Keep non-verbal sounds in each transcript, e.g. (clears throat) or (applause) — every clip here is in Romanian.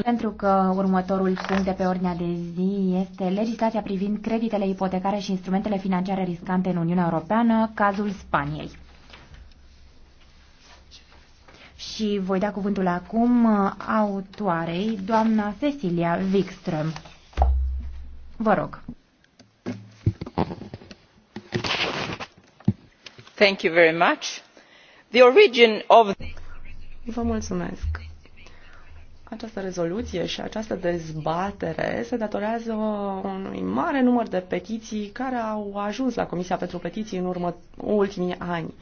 Pentru că următorul punct de pe ordinea de zi este legislația privind creditele ipotecare și instrumentele financiare riscante în Uniunea Europeană, cazul Spaniei. Și voi da cuvântul acum autoarei, doamna Cecilia Wikström. Vă rog. Thank you very much. The origin of the Vă mulțumesc. Această rezoluție și această dezbatere se datorează unui mare număr de petiții care au ajuns la Comisia pentru Petiții în urmă, ultimii ani.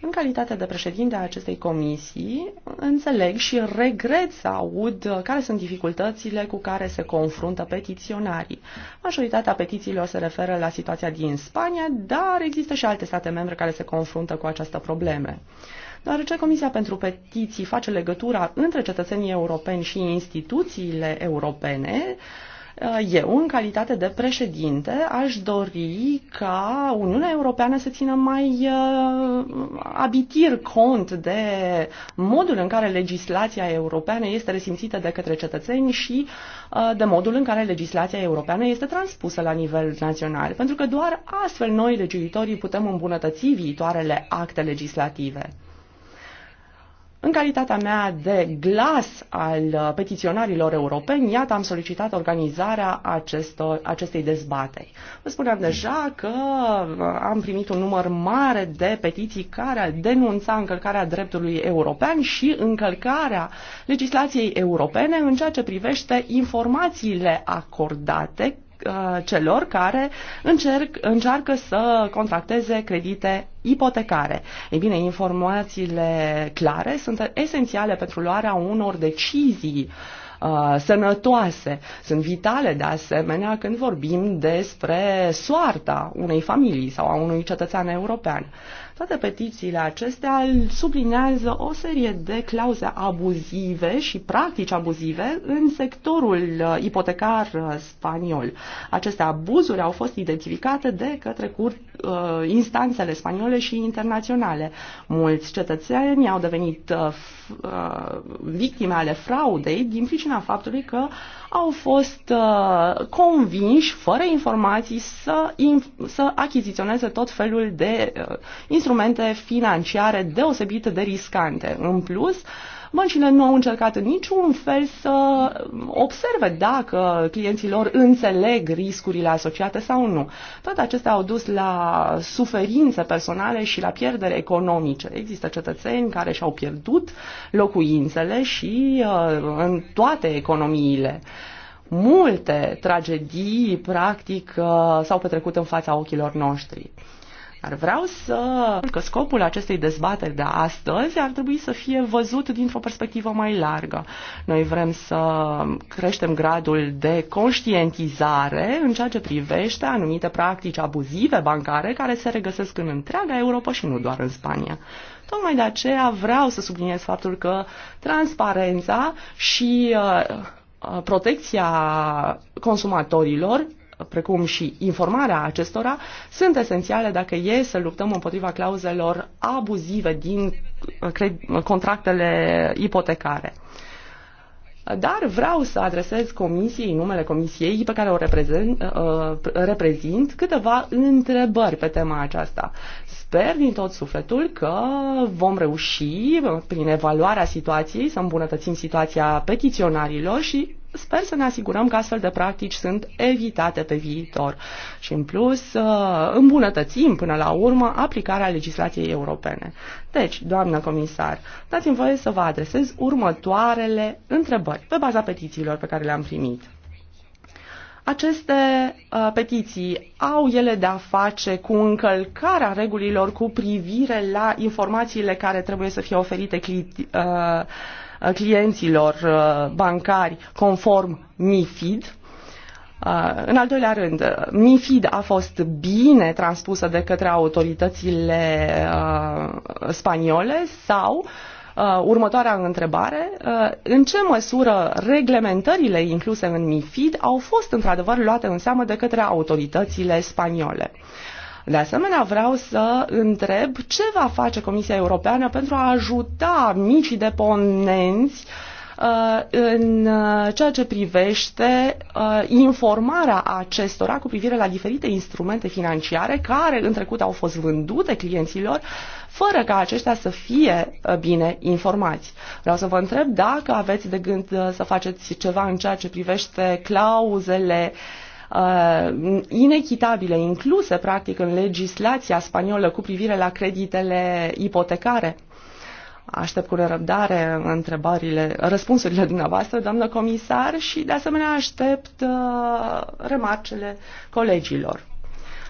În calitate de președinte a acestei comisii, înțeleg și regret să aud care sunt dificultățile cu care se confruntă petiționarii. Majoritatea petițiilor se referă la situația din Spania, dar există și alte state membre care se confruntă cu această problemă deoarece Comisia pentru Petiții face legătura între cetățenii europeni și instituțiile europene, eh, eu, în calitate de președinte, aș dori ca Uniunea Europeană să țină mai eh, abitir cont de modul în care legislația europeană este resimțită de către cetățeni și eh, de modul în care legislația europeană este transpusă la nivel național, pentru că doar astfel noi, legiuitorii, putem îmbunătăți viitoarele acte legislative. În calitatea mea de glas al uh, petiționarilor europeni, iată, am solicitat organizarea acestor, acestei dezbateri. Vă spuneam deja că uh, am primit un număr mare de petiții care denunța încălcarea dreptului european și încălcarea legislației europene în ceea ce privește informațiile acordate Uh, celor care încerc, încearcă să contracteze credite ipotecare. Ei bine, informațiile clare sunt esențiale pentru luarea unor decizii uh, Uh, sănătoase. Sunt vitale, de asemenea, când vorbim despre soarta unei familii sau a unui cetățean european. Toate petițiile acestea sublinează o serie de clauze abuzive și practici abuzive în sectorul uh, ipotecar uh, spaniol. Aceste abuzuri au fost identificate de către curte uh, instanțele spaniole și internaționale. Mulți cetățeni au devenit uh, uh, victime ale fraudei din pricina faptului că au fost uh, convinși, fără informații, să, inf- să achiziționeze tot felul de uh, instrumente financiare deosebit de riscante. În plus, uh, Băncile nu au încercat în niciun fel să observe dacă clienții lor înțeleg riscurile asociate sau nu. Toate acestea au dus la suferințe personale și la pierderi economice. Există cetățeni care și-au pierdut locuințele și uh, în toate economiile multe tragedii, practic, uh, s-au petrecut în fața ochilor noștri. Dar vreau să că scopul acestei dezbateri de astăzi ar trebui să fie văzut dintr-o perspectivă mai largă. Noi vrem să creștem gradul de conștientizare în ceea ce privește anumite practici abuzive bancare care se regăsesc în întreaga Europa și nu doar în Spania. Tocmai de aceea vreau să subliniez faptul că transparența și uh, uh, protecția consumatorilor precum și informarea acestora, sunt esențiale dacă e să luptăm împotriva clauzelor abuzive din contractele ipotecare. Dar vreau să adresez comisiei, numele comisiei pe care o reprezent, uh, reprezint, câteva întrebări pe tema aceasta. Sper din tot sufletul că vom reuși, prin evaluarea situației, să îmbunătățim situația petiționarilor și sper să ne asigurăm că astfel de practici sunt evitate pe viitor și, în plus, uh, îmbunătățim până la urmă aplicarea legislației europene. Deci, doamnă comisar, dați-mi voie să vă adresez următoarele întrebări pe baza petițiilor pe care le-am primit. Aceste uh, petiții au ele de a face cu încălcarea regulilor cu privire la informațiile care trebuie să fie oferite cli- uh, Uh, clienților uh, bancari conform MIFID. Uh, în al doilea rând, MIFID a fost bine transpusă de către autoritățile spaniole sau următoarea întrebare, în ce măsură reglementările incluse în MIFID au fost într-adevăr luate în seamă de către autoritățile spaniole? De asemenea, vreau să întreb ce va face Comisia Europeană pentru a ajuta micii deponenți uh, în uh, ceea ce privește uh, informarea acestora cu privire la diferite instrumente financiare care în trecut au fost vândute clienților fără ca aceștia să fie bine informați. Vreau să vă întreb dacă aveți de gând să faceți ceva în ceea ce privește clauzele uh, uh, inechitabile incluse practic în legislația spaniolă cu privire la creditele ipotecare? Aștept cu nerăbdare întrebările, răspunsurile dumneavoastră, doamnă comisar, și de asemenea aștept uh, remarcele colegilor.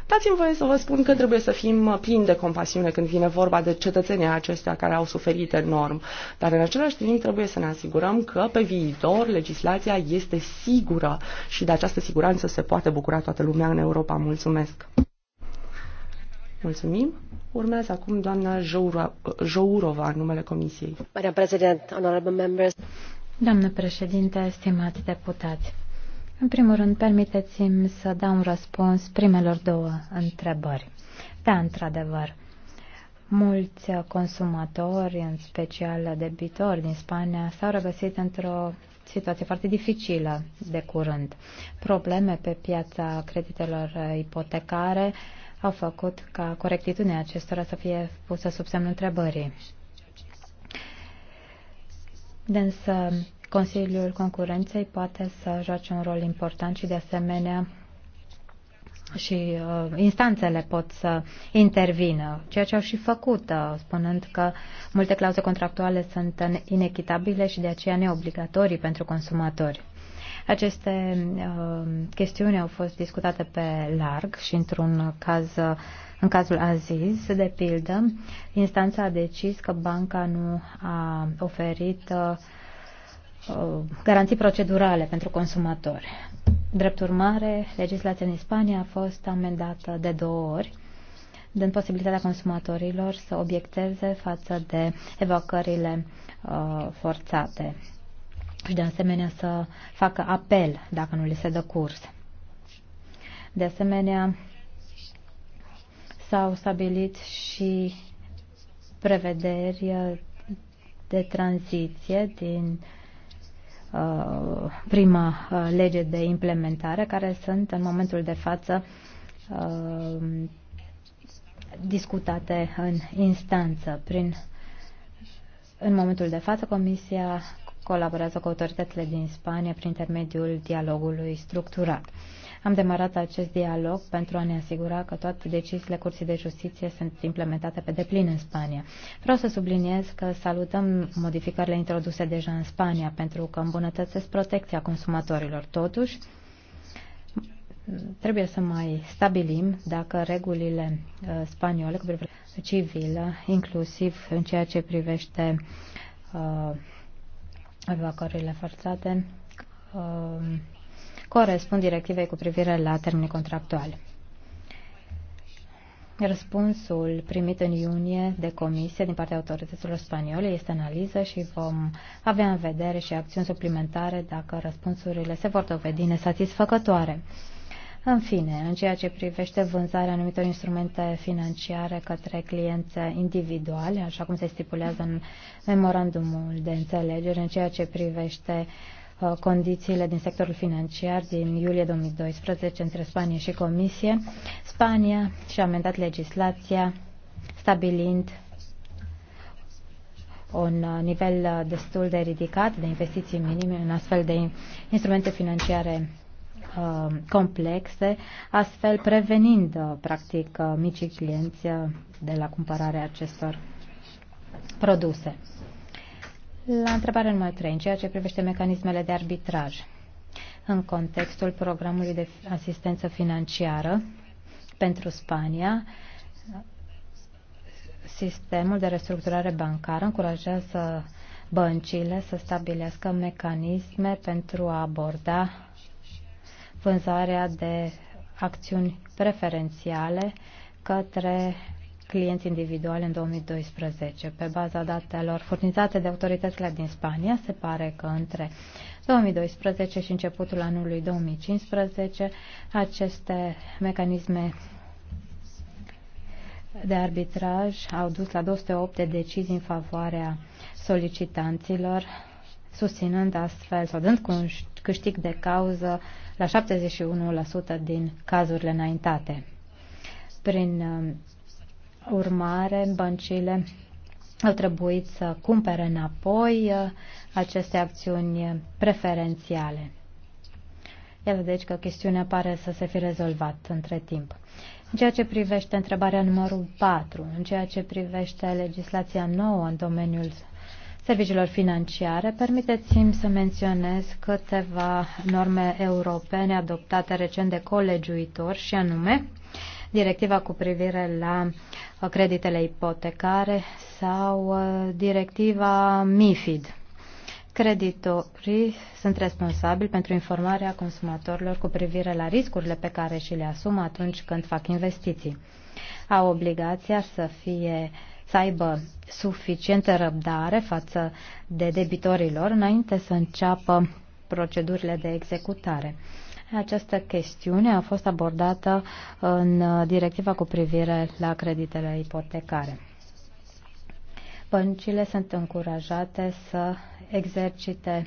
Dați-mi voie să vă spun că trebuie să fim plini de compasiune când vine vorba de cetățenii aceștia care au suferit enorm, dar în același timp trebuie să ne asigurăm că pe viitor legislația este sigură și de această siguranță se poate bucura toată lumea în Europa. Mulțumesc! Mulțumim. Urmează acum doamna Jourova în numele Comisiei. Doamnă președinte, stimați deputați. În primul rând, permiteți-mi să dau un răspuns primelor două întrebări. Da, într-adevăr, mulți consumatori, în special debitori din Spania, s-au regăsit într-o situație foarte dificilă de curând. Probleme pe piața creditelor ipotecare au făcut ca corectitudinea acestora să fie pusă sub semnul întrebării. Însă, Consiliul Concurenței poate să joace un rol important și de asemenea și uh, instanțele pot să intervină, ceea ce au și făcut, uh, spunând că multe clauze contractuale sunt inechitabile și de aceea neobligatorii pentru consumatori. Aceste uh, chestiuni au fost discutate pe larg și într-un caz, în cazul Aziz, de pildă, instanța a decis că banca nu a oferit uh, Uh, garanții procedurale pentru consumatori. Drept urmare, legislația în Spania a fost amendată de două ori, dând posibilitatea consumatorilor să obiecteze față de evocările uh, forțate și de asemenea să facă apel dacă nu li se dă curs. De asemenea, s-au stabilit și prevederi uh, de tranziție din uh, Uh, prima uh, lege de implementare, care sunt în momentul de față uh, discutate în instanță. Prin, în momentul de față, Comisia colaborează cu autoritățile din Spania prin intermediul dialogului structurat. Am demarat acest dialog pentru a ne asigura că toate deciziile Curții de Justiție sunt implementate pe deplin în Spania. Vreau să subliniez că salutăm modificările introduse deja în Spania pentru că îmbunătățesc protecția consumatorilor. Totuși, trebuie să mai stabilim dacă regulile uh, spaniole cu privire civilă, inclusiv în ceea ce privește uh, evacuările forțate um, corespund directivei cu privire la termenii contractuali. Răspunsul primit în iunie de comisie din partea autorităților spaniole este analiză și vom avea în vedere și acțiuni suplimentare dacă răspunsurile se vor dovedi nesatisfăcătoare. În fine, în ceea ce privește vânzarea anumitor instrumente financiare către clienți individuale, așa cum se stipulează în memorandumul de înțelegere, în ceea ce privește uh, condițiile din sectorul financiar din iulie 2012 între Spania și Comisie, Spania și-a amendat legislația stabilind un uh, nivel uh, destul de ridicat de investiții minime în astfel de instrumente financiare Uh, complexe, astfel prevenind, uh, practic, uh, micii clienți de la cumpărarea acestor produse. La întrebarea numărul 3, în ceea ce privește mecanismele de arbitraj, în contextul programului de asistență financiară pentru Spania, sistemul de restructurare bancară încurajează băncile să stabilească mecanisme pentru a aborda vânzarea de acțiuni preferențiale către clienți individuali în 2012. Pe baza datelor furnizate de autoritățile din Spania, se pare că între 2012 și începutul anului 2015 aceste mecanisme de arbitraj au dus la 208 de decizii în favoarea solicitanților, susținând astfel sau dând cu un câștig de cauză la 71% din cazurile înaintate. Prin um, urmare, băncile au trebuit să cumpere înapoi uh, aceste acțiuni preferențiale. Iată deci că chestiunea pare să se fi rezolvat între timp. În ceea ce privește întrebarea numărul 4, în ceea ce privește legislația nouă în domeniul serviciilor financiare, permiteți-mi să menționez câteva norme europene adoptate recent de colegiuitori și anume directiva cu privire la uh, creditele ipotecare sau uh, directiva MIFID. Creditorii sunt responsabili pentru informarea consumatorilor cu privire la riscurile pe care și le asumă atunci când fac investiții. Au obligația să fie uh, să aibă suficientă răbdare față de debitorilor înainte să înceapă procedurile de executare. Această chestiune a fost abordată în directiva cu privire la creditele ipotecare. Băncile sunt încurajate să exercite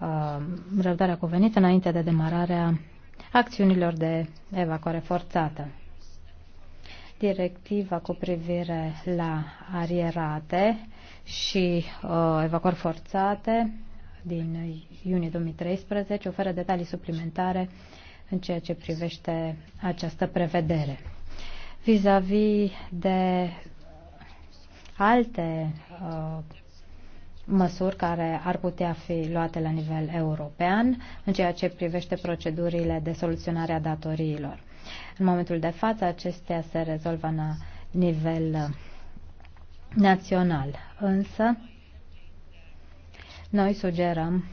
uh, răbdarea cuvenită înainte de demararea acțiunilor de evacuare forțată. Directiva cu privire la arierate și uh, evacuări forțate din iunie 2013 oferă detalii suplimentare în ceea ce privește această prevedere. Vis-a-vis -vis de alte uh, măsuri care ar putea fi luate la nivel european în ceea ce privește procedurile de soluționare a datoriilor. În momentul de față, acestea se rezolvă la nivel uh, național. Însă, noi sugerăm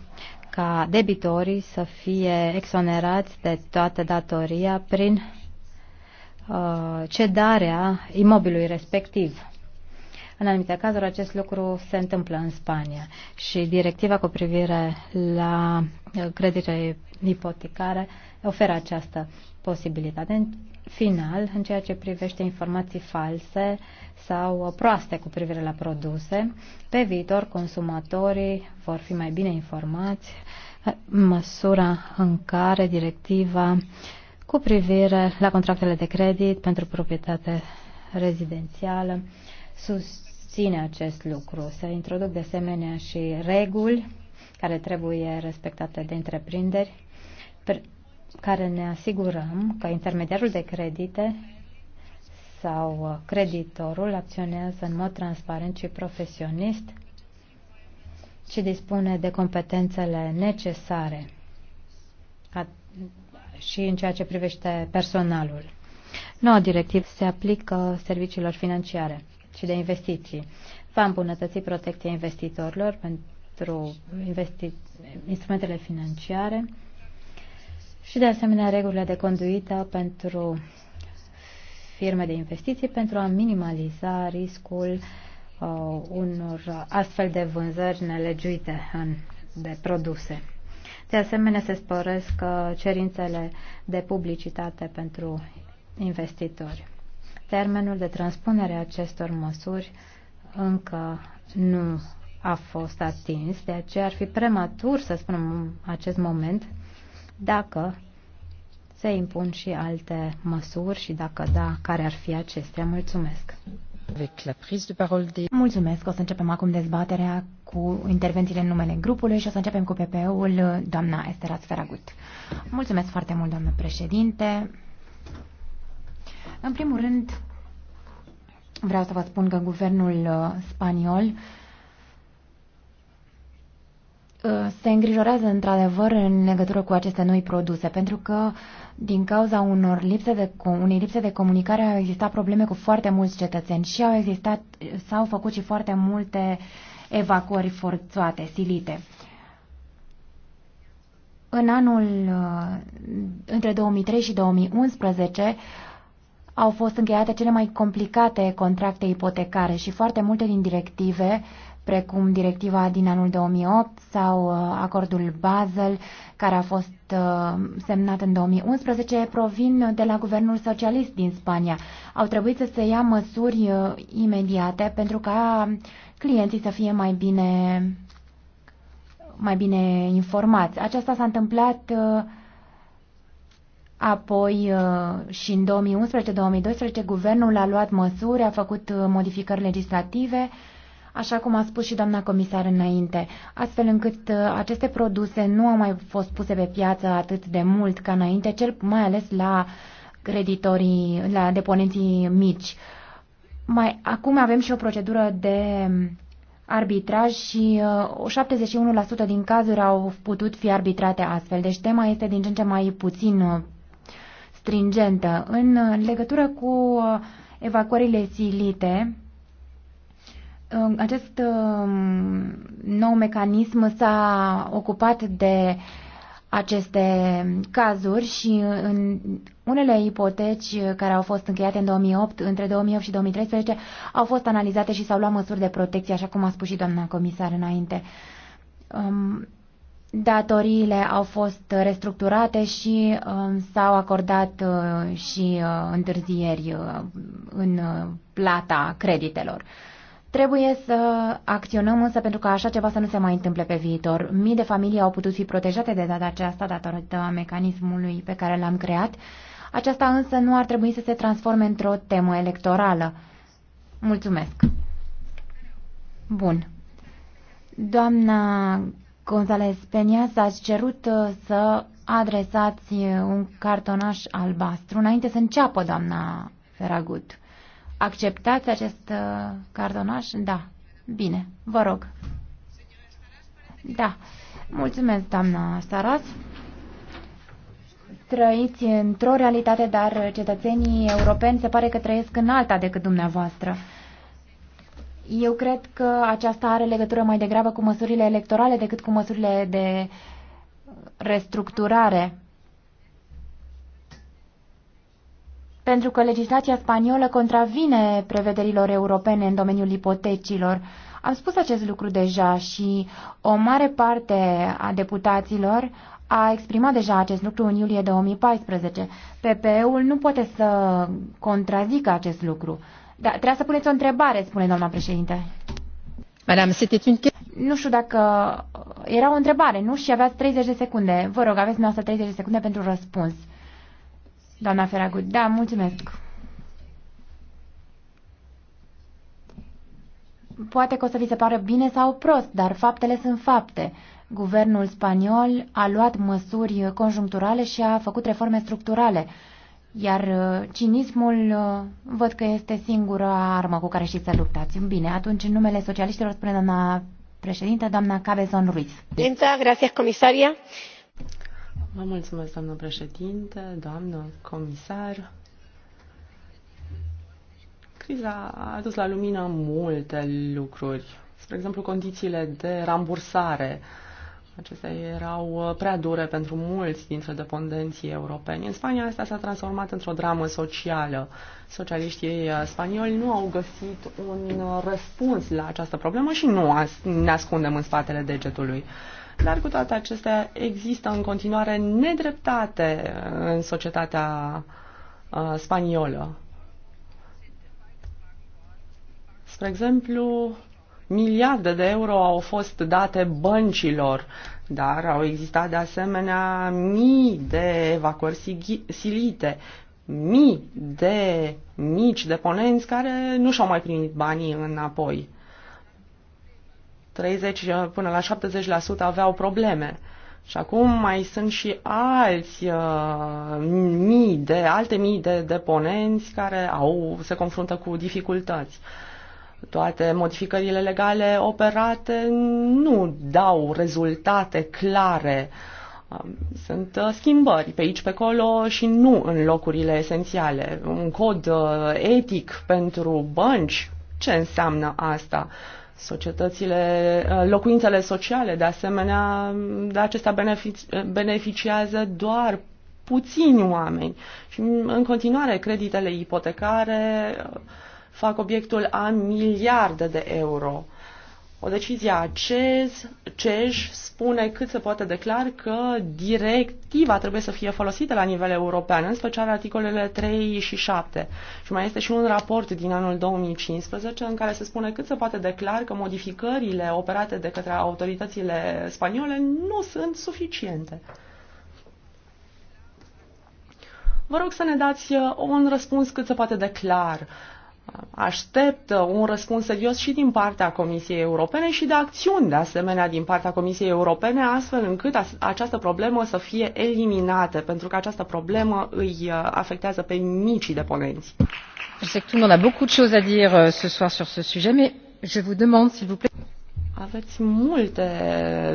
ca debitorii să fie exonerați de toată datoria prin uh, cedarea imobilului respectiv. În anumite cazuri acest lucru se întâmplă în Spania și directiva cu privire la uh, credite ipotecare oferă această posibilitate. În final, în ceea ce privește informații false sau proaste cu privire la produse, pe viitor consumatorii vor fi mai bine informați în măsura în care directiva cu privire la contractele de credit pentru proprietate rezidențială susține acest lucru. Se introduc de asemenea și reguli care trebuie respectate de întreprinderi care ne asigurăm că intermediarul de credite sau creditorul acționează în mod transparent și profesionist și dispune de competențele necesare și în ceea ce privește personalul. Noua directivă se aplică serviciilor financiare și de investiții. Va îmbunătăți protecția investitorilor pentru investi- instrumentele financiare și de asemenea regulile de conduită pentru firme de investiții pentru a minimaliza riscul uh, unor astfel de vânzări nelegiuite în, de produse. De asemenea, se sporesc uh, cerințele de publicitate pentru investitori. Termenul de transpunere a acestor măsuri încă nu a fost atins, de aceea ar fi prematur să spunem acest moment dacă se impun și alte măsuri și dacă da, care ar fi acestea. Mulțumesc! Mulțumesc! O să începem acum dezbaterea cu intervențiile în numele grupului și o să începem cu pp ul doamna Esterat Feragut. Mulțumesc foarte mult, doamnă președinte! În primul rând, vreau să vă spun că guvernul uh, spaniol Uh, se îngrijorează într-adevăr în legătură cu aceste noi produse, pentru că din cauza unor lipse de, unei lipse de comunicare au existat probleme cu foarte mulți cetățeni și au existat, s-au făcut și foarte multe evacuări forțate, silite. În anul uh, între 2003 și 2011 au fost încheiate cele mai complicate contracte ipotecare și foarte multe din directive uh, precum directiva din anul 2008 sau uh, acordul Basel, care a fost uh, semnat în 2011, provin de la guvernul socialist din Spania. Au trebuit să se ia măsuri uh, imediate pentru ca clienții să fie mai bine, mai bine informați. Aceasta s-a întâmplat Apoi și în 2011-2012 guvernul a luat măsuri, a făcut modificări legislative așa cum a spus și doamna comisar înainte, astfel încât uh, aceste produse nu au mai fost puse pe piață atât de mult ca înainte, cel mai ales la creditorii, la deponenții mici. Mai, acum avem și o procedură de arbitraj și uh, 71% din cazuri au putut fi arbitrate astfel. Deci tema este din ce în ce mai puțin uh, stringentă. În uh, legătură cu uh, evacuările silite, acest um, nou mecanism s-a ocupat de aceste cazuri și în unele ipoteci care au fost încheiate în 2008, între 2008 și 2013, au fost analizate și s-au luat măsuri de protecție, așa cum a spus și doamna comisar înainte. Um, datoriile au fost restructurate și um, s-au acordat uh, și uh, întârzieri uh, în plata creditelor. Trebuie să acționăm însă pentru ca așa ceva să nu se mai întâmple pe viitor. Mii de familii au putut fi protejate de data aceasta datorită mecanismului pe care l-am creat. Aceasta însă nu ar trebui să se transforme într-o temă electorală. Mulțumesc. Bun. Doamna González Peña, ați cerut uh, să adresați un cartonaș albastru înainte să înceapă doamna Feragut. Acceptați acest uh, cartonaș? Da. Bine, vă rog. Da. Mulțumesc, doamna Saras. Trăiți într-o realitate, dar cetățenii europeni se pare că trăiesc în alta decât dumneavoastră. Eu cred că aceasta are legătură mai degrabă cu măsurile electorale decât cu măsurile de restructurare. pentru că legislația spaniolă contravine prevederilor europene în domeniul ipotecilor. Am spus acest lucru deja și o mare parte a deputaților a exprimat deja acest lucru în iulie 2014. PPE-ul nu poate să contrazică acest lucru. Da, trebuie să puneți o întrebare, spune doamna președinte. Madame, c'était une nu știu dacă era o întrebare, nu? Și aveați 30 de secunde. Vă rog, aveți dumneavoastră 30 de secunde pentru răspuns. Doamna Feragut, da, mulțumesc. Poate că o să vi se pară bine sau prost, dar faptele sunt fapte. Guvernul spaniol a luat măsuri conjuncturale și a făcut reforme structurale. Iar uh, cinismul uh, văd că este singura armă cu care știți să luptați. Bine, atunci în numele socialiștilor spune doamna președinte, doamna Cabezon Ruiz. Presidenta, gracias, comisaria. Vă mulțumesc, doamnă președinte, doamnă comisar. Criza a adus la lumină multe lucruri. Spre exemplu, condițiile de rambursare. Acestea erau prea dure pentru mulți dintre dependenții europeni. În Spania asta s-a transformat într-o dramă socială. Socialiștii spanioli nu au găsit un răspuns la această problemă și nu ne ascundem în spatele degetului. Uh, dar cu toate acestea există în continuare nedreptate în societatea uh, spaniolă. Spre exemplu, miliarde de euro au fost date băncilor, dar au existat de asemenea mii de evacuări silite, mii de mici deponenți care nu și-au mai primit banii înapoi. 30 uh, până la 70% aveau probleme. Și acum mai sunt și alți uh, mii de, alte mii de deponenți care au, se confruntă cu dificultăți. Toate modificările legale operate nu dau rezultate clare. Um, sunt uh, schimbări pe aici, pe acolo și nu în locurile esențiale. Un cod uh, etic pentru bănci, ce înseamnă asta? Societățile, uh, locuințele sociale, de asemenea, de acestea beneficiază doar puțini oameni. Și în continuare, creditele ipotecare uh, fac obiectul a miliarde de euro. O decizie a CEJ, CEJ spune cât se poate declar că directiva trebuie să fie folosită la nivel european, în special articolele 3 și 7. Și mai este și un raport din anul 2015 în care se spune cât se poate declar că modificările operate de către autoritățile spaniole nu sunt suficiente. Vă rog să ne dați un răspuns cât se poate declar. clar aștept uh, un răspuns serios și din partea Comisiei Europene și de acțiuni de asemenea din partea Comisiei Europene, astfel încât această problemă să fie eliminată, pentru că această problemă îi uh, afectează pe micii deponenți. Je sais que tout le monde a beaucoup de choses à dire euh, ce soir sur ce sujet, mais je vous demande, s'il vous plaît. Aveți multe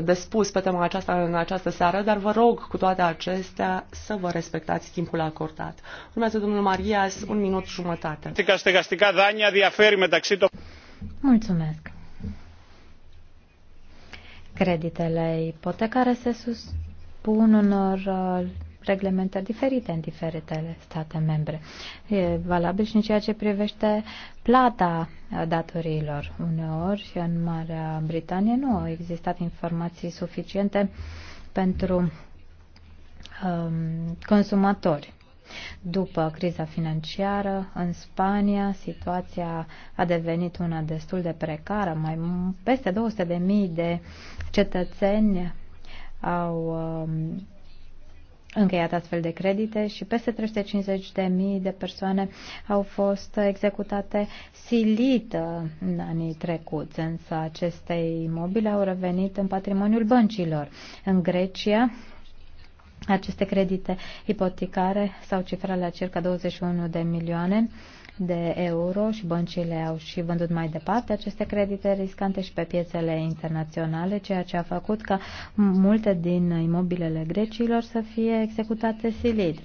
de spus pe tema aceasta în această seară, dar vă rog cu toate acestea să vă respectați timpul acordat. Urmează domnul Marias, un minut jumătate. Mulțumesc. Creditele ipotecare se suspun unor uh, reglementări diferite în diferitele state membre. E valabil și în ceea ce privește plata datoriilor. Uneori, în Marea Britanie nu au existat informații suficiente pentru um, consumatori. După criza financiară, în Spania, situația a devenit una destul de precară. Mai peste 200.000 de cetățeni au um, încheiat astfel de credite și peste 350.000 de persoane au fost executate silită în anii trecuți, însă aceste imobile au revenit în patrimoniul băncilor. În Grecia, aceste credite ipotecare s-au cifrat la circa 21 de milioane de euro și băncile au și vândut mai departe aceste credite riscante și pe piețele internaționale, ceea ce a făcut ca multe din imobilele grecilor să fie executate silid.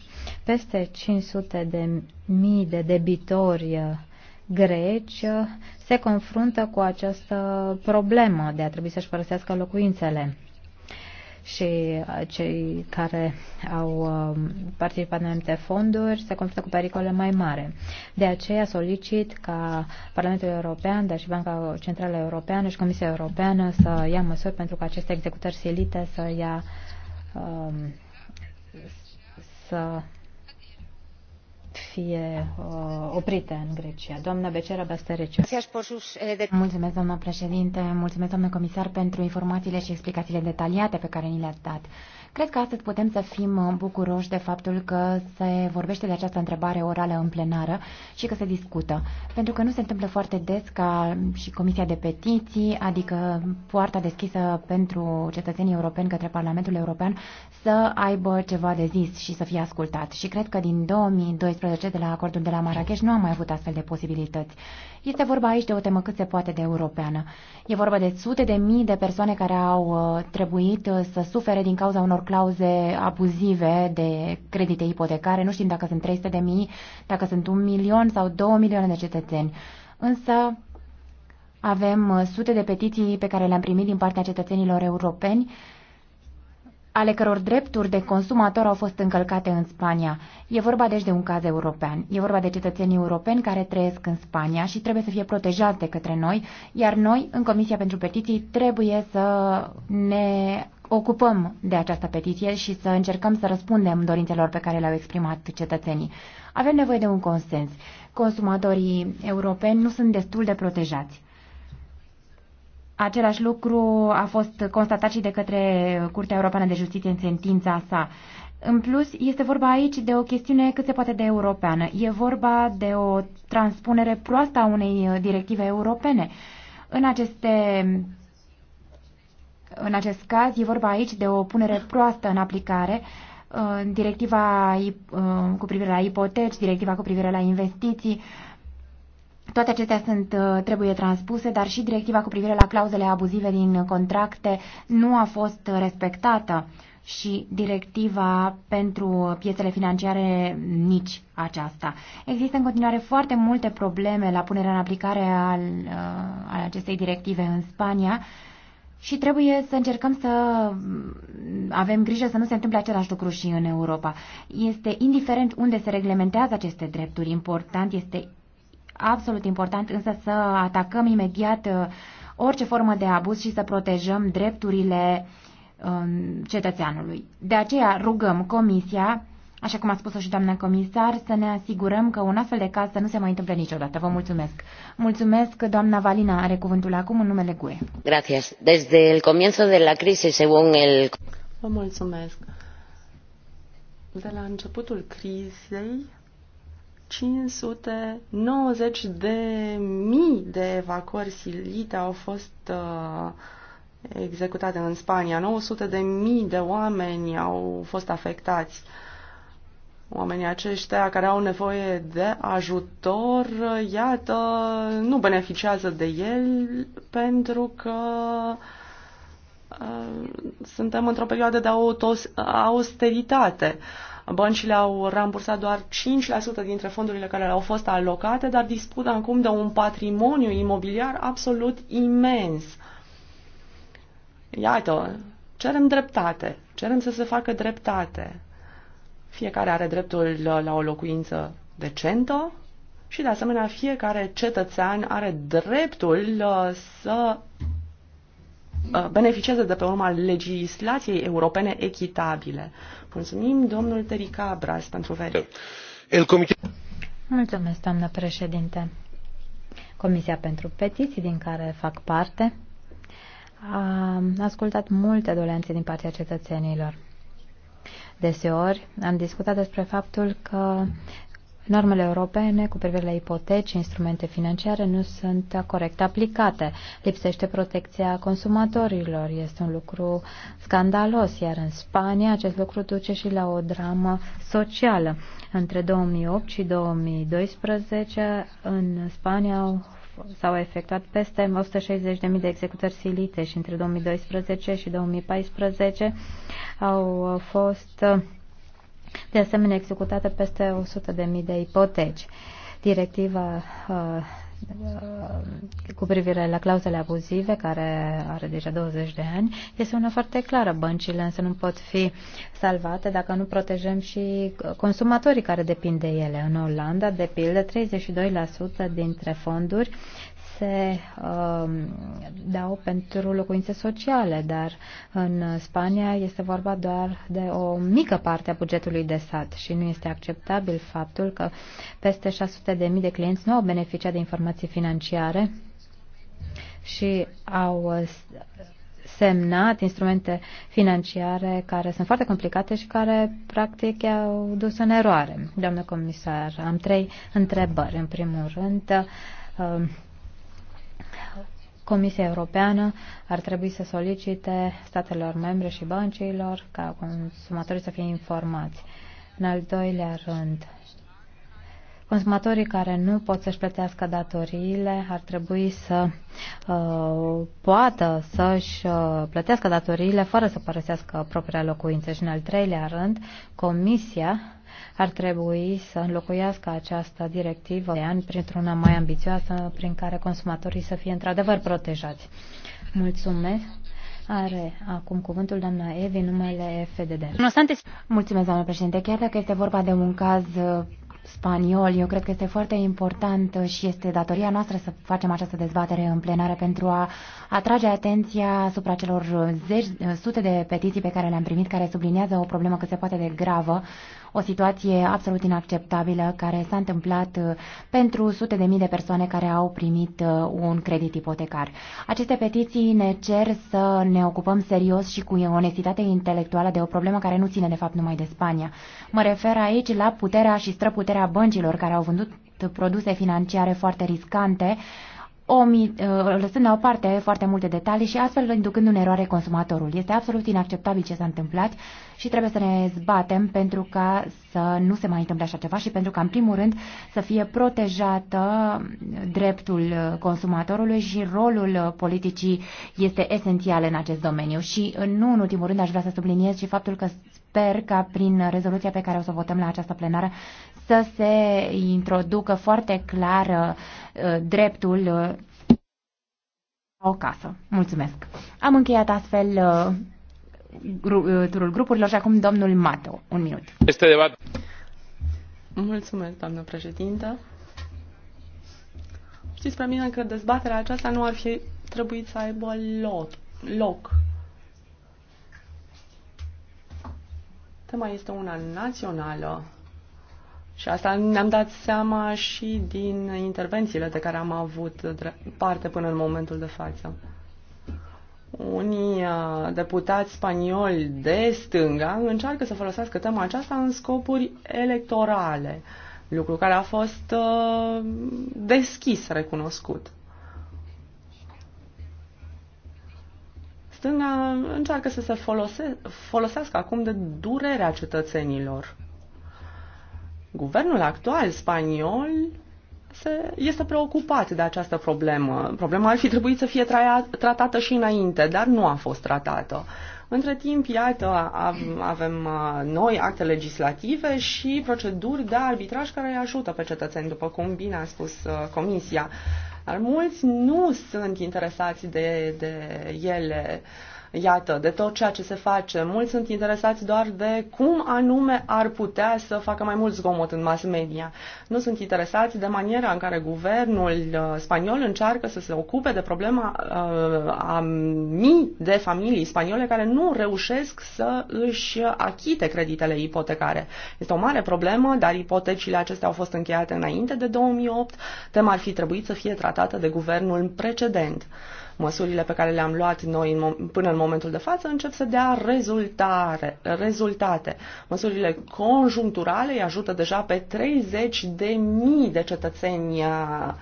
Peste 500 de mii de debitori uh, greci uh, se confruntă cu această problemă de a trebui să-și părăsească locuințele și uh, cei care au um, participat în anumite fonduri se confruntă cu pericole mai mari. De aceea solicit ca Parlamentul European, dar și Banca Centrală Europeană și Comisia Europeană să ia măsuri pentru ca aceste executări silite să ia um, să fie uh, oprite în Grecia. Doamna Becera Bastereciu. Eh, mulțumesc, doamna președinte, mulțumesc, doamna comisar, pentru informațiile și explicațiile detaliate pe care ni le-ați dat. Cred că astăzi putem să fim bucuroși de faptul că se vorbește de această întrebare orală în plenară și că se discută. Pentru că nu se întâmplă foarte des ca și Comisia de Petiții, adică poarta deschisă pentru cetățenii europeni către Parlamentul European, să aibă ceva de zis și să fie ascultat. Și cred că din 2012 2015 de la acordul de la Marrakech nu am mai avut astfel de posibilități. Este vorba aici de o temă cât se poate de europeană. E vorba de sute de mii de persoane care au uh, trebuit uh, să sufere din cauza unor clauze abuzive de credite ipotecare. Nu știm dacă sunt 300 de mii, dacă sunt un milion sau două milioane de cetățeni. Însă avem uh, sute de petiții pe care le-am primit din partea cetățenilor europeni ale căror drepturi de consumator au fost încălcate în Spania. E vorba deci de un caz european. E vorba de cetățenii europeni care trăiesc în Spania și trebuie să fie protejați de către noi, iar noi, în Comisia pentru Petiții, trebuie să ne ocupăm de această petiție și să încercăm să răspundem dorințelor pe care le-au exprimat cetățenii. Avem nevoie de un consens. Consumatorii europeni nu sunt destul de protejați. Același lucru a fost constatat și de către Curtea Europeană de Justiție în sentința sa. În plus, este vorba aici de o chestiune cât se poate de europeană. E vorba de o transpunere proastă a unei directive europene. În aceste în acest caz e vorba aici de o punere proastă în aplicare. Uh, directiva uh, cu privire la ipoteci, directiva cu privire la investiții, toate acestea sunt, uh, trebuie transpuse, dar și directiva cu privire la clauzele abuzive din contracte nu a fost respectată și directiva pentru piețele financiare nici aceasta. Există în continuare foarte multe probleme la punerea în aplicare al, uh, al acestei directive în Spania și trebuie să încercăm să avem grijă să nu se întâmple același lucru și în Europa. Este indiferent unde se reglementează aceste drepturi, important este absolut important însă să atacăm imediat uh, orice formă de abuz și să protejăm drepturile um, cetățeanului. De aceea rugăm Comisia, așa cum a spus-o și doamna comisar, să ne asigurăm că un astfel de caz să nu se mai întâmple niciodată. Vă mulțumesc. Mulțumesc, doamna Valina are cuvântul acum în numele GUE. Gracias. Desde el comienzo de la crisis, según el... Vă mulțumesc. De la începutul crizei, 590 de mii de evacuări silite au fost uh, executate în Spania. 900 de mii de oameni au fost afectați. Oamenii aceștia care au nevoie de ajutor, iată, nu beneficiază de el pentru că uh, Uh, suntem într-o perioadă de austeritate. Băncile au rambursat doar 5% dintre fondurile care le-au fost alocate, dar dispun acum de un patrimoniu imobiliar absolut imens. Iată, cerem dreptate, cerem să se facă dreptate. Fiecare are dreptul la o locuință decentă și, de asemenea, fiecare cetățean are dreptul uh, să Uh, beneficieze de pe urma legislației europene echitabile. Mulțumim, domnul Terica Abras, pentru comite... Mulțumesc, doamnă președinte. Comisia pentru Petiții, din care fac parte, a ascultat multe dolențe din partea cetățenilor. Deseori am discutat despre faptul că Normele europene cu privire la ipoteci, instrumente financiare nu sunt corect aplicate. Lipsește protecția consumatorilor. Este un lucru scandalos, iar în Spania acest lucru duce și la o dramă socială. Între 2008 și 2012 în Spania au s-au efectuat peste 160.000 de executări silite și între 2012 și 2014 au fost de asemenea executate peste 100.000 de ipoteci. Directiva uh, cu privire la clauzele abuzive, care are deja 20 de ani, este una foarte clară. Băncile însă nu pot fi salvate dacă nu protejăm și consumatorii care depind de ele. În Olanda, de pildă, 32% dintre fonduri se uh, dau pentru locuințe sociale, dar în Spania este vorba doar de o mică parte a bugetului de sat și nu este acceptabil faptul că peste 600.000 de clienți nu au beneficiat de informații financiare și au semnat instrumente financiare care sunt foarte complicate și care practic au dus în eroare. Doamnă comisar, am trei întrebări. În primul rând, um, Comisia Europeană ar trebui să solicite statelor membre și băncilor ca consumatorii să fie informați. În al doilea rând, consumatorii care nu pot să-și plătească datoriile ar trebui să uh, poată să-și uh, plătească datoriile fără să părăsească propria locuință. Și în al treilea rând, Comisia ar trebui să înlocuiască această directivă de ani printr-una mai ambițioasă prin care consumatorii să fie într-adevăr protejați. Mulțumesc. Are acum cuvântul doamna Evi, numele FDD. Mulțumesc, doamnă președinte. Chiar dacă este vorba de un caz spaniol. Eu cred că este foarte important și este datoria noastră să facem această dezbatere în plenare pentru a atrage atenția asupra celor zeci, sute de petiții pe care le-am primit, care subliniază o problemă cât se poate de gravă, o situație absolut inacceptabilă care s-a întâmplat uh, pentru sute de mii de persoane care au primit uh, un credit ipotecar. Aceste petiții ne cer să ne ocupăm serios și cu onestitate intelectuală de o problemă care nu ține de fapt numai de Spania. Mă refer aici la puterea și străputerea puterea băncilor care au vândut produse financiare foarte riscante, omi, ă, lăsând la o parte foarte multe detalii și astfel inducând în eroare consumatorul. Este absolut inacceptabil ce s-a întâmplat și trebuie să ne zbatem pentru ca să nu se mai întâmple așa ceva și pentru ca, în primul rând, să fie protejată dreptul consumatorului și rolul politicii este esențial în acest domeniu. Și, nu în ultimul rând, aș vrea să subliniez și faptul că Sper ca prin rezoluția pe care o să o votăm la această plenară să se introducă foarte clar uh, dreptul uh, la o casă. Mulțumesc. Am încheiat astfel uh, turul grupurilor și acum domnul Mateo. Un minut. Este debat. Mulțumesc, doamnă președintă. Știți pe mine că dezbaterea aceasta nu ar fi trebuit să aibă loc. loc. Tema este una națională și asta ne-am dat seama și din intervențiile de care am avut parte până în momentul de față. Unii uh, deputați spanioli de stânga încearcă să folosească tema aceasta în scopuri electorale, lucru care a fost uh, deschis recunoscut. Stânga încearcă să se folose, folosească acum de durerea cetățenilor Guvernul actual spaniol se, este preocupat de această problemă. Problema ar fi trebuit să fie traia, tratată și înainte, dar nu a fost tratată. Între timp, iată, avem uh, noi acte legislative și proceduri de arbitraj care îi ajută pe cetățeni, după cum bine a spus uh, Comisia. Dar mulți nu sunt interesați de, de ele. Uh, iată, de tot ceea ce se face. Mulți sunt interesați doar de cum anume ar putea să facă mai mult zgomot în mass media. Nu sunt interesați de maniera în care guvernul uh, spaniol încearcă să se ocupe de problema uh, a mii de familii spaniole care nu reușesc să își achite creditele ipotecare. Este o mare problemă, dar ipotecile acestea au fost încheiate înainte de 2008. Tema ar fi trebuit să fie tratată de guvernul precedent. Măsurile pe care le-am luat noi în până în momentul de față încep să dea rezultare, rezultate. Măsurile conjuncturale îi ajută deja pe 30 de mii de cetățeni uh,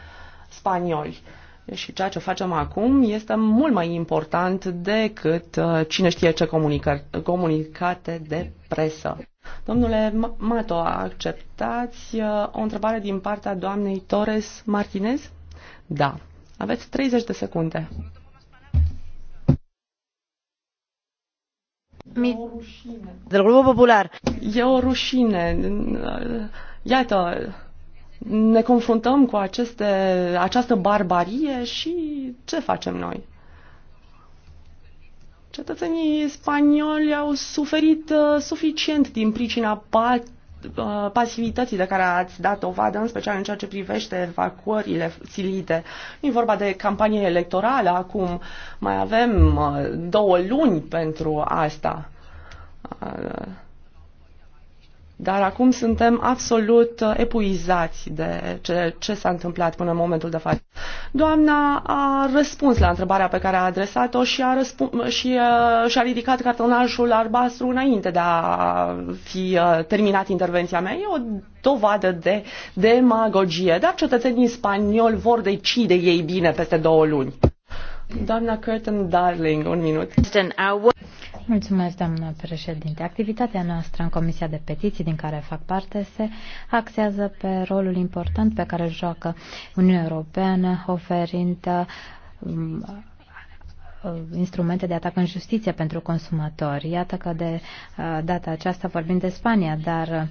spanioli. Deci și ceea ce facem acum este mult mai important decât uh, cine știe ce comunicate de presă. Domnule Mato, acceptați uh, o întrebare din partea doamnei Torres Martinez? Da. Aveți 30 de secunde. De la Grupul Popular. E o rușine. Iată, ne confruntăm cu aceste, această barbarie și ce facem noi? Cetățenii spanioli au suferit uh, suficient din pricina pat Uh, pasivității de care ați dat dovadă, în special în ceea ce privește evacuările silite. Nu e vorba de campanie electorală acum, mai avem uh, două luni pentru asta. Uh, dar acum suntem absolut epuizați de ce, ce s-a întâmplat până în momentul de față. Doamna a răspuns la întrebarea pe care a adresat-o și a, și, uh, și-a ridicat cartonajul albastru înainte de a fi uh, terminat intervenția mea. E o dovadă de demagogie, dar cetățenii spanioli vor decide ei bine peste două luni. Doamna Curtin Darling, un minut. Mulțumesc, doamnă președinte. Activitatea noastră în Comisia de Petiții, din care fac parte, se axează pe rolul important pe care îl joacă Uniunea Europeană, oferind um, instrumente de atac în justiție pentru consumatori. Iată că de uh, data aceasta vorbim de Spania, dar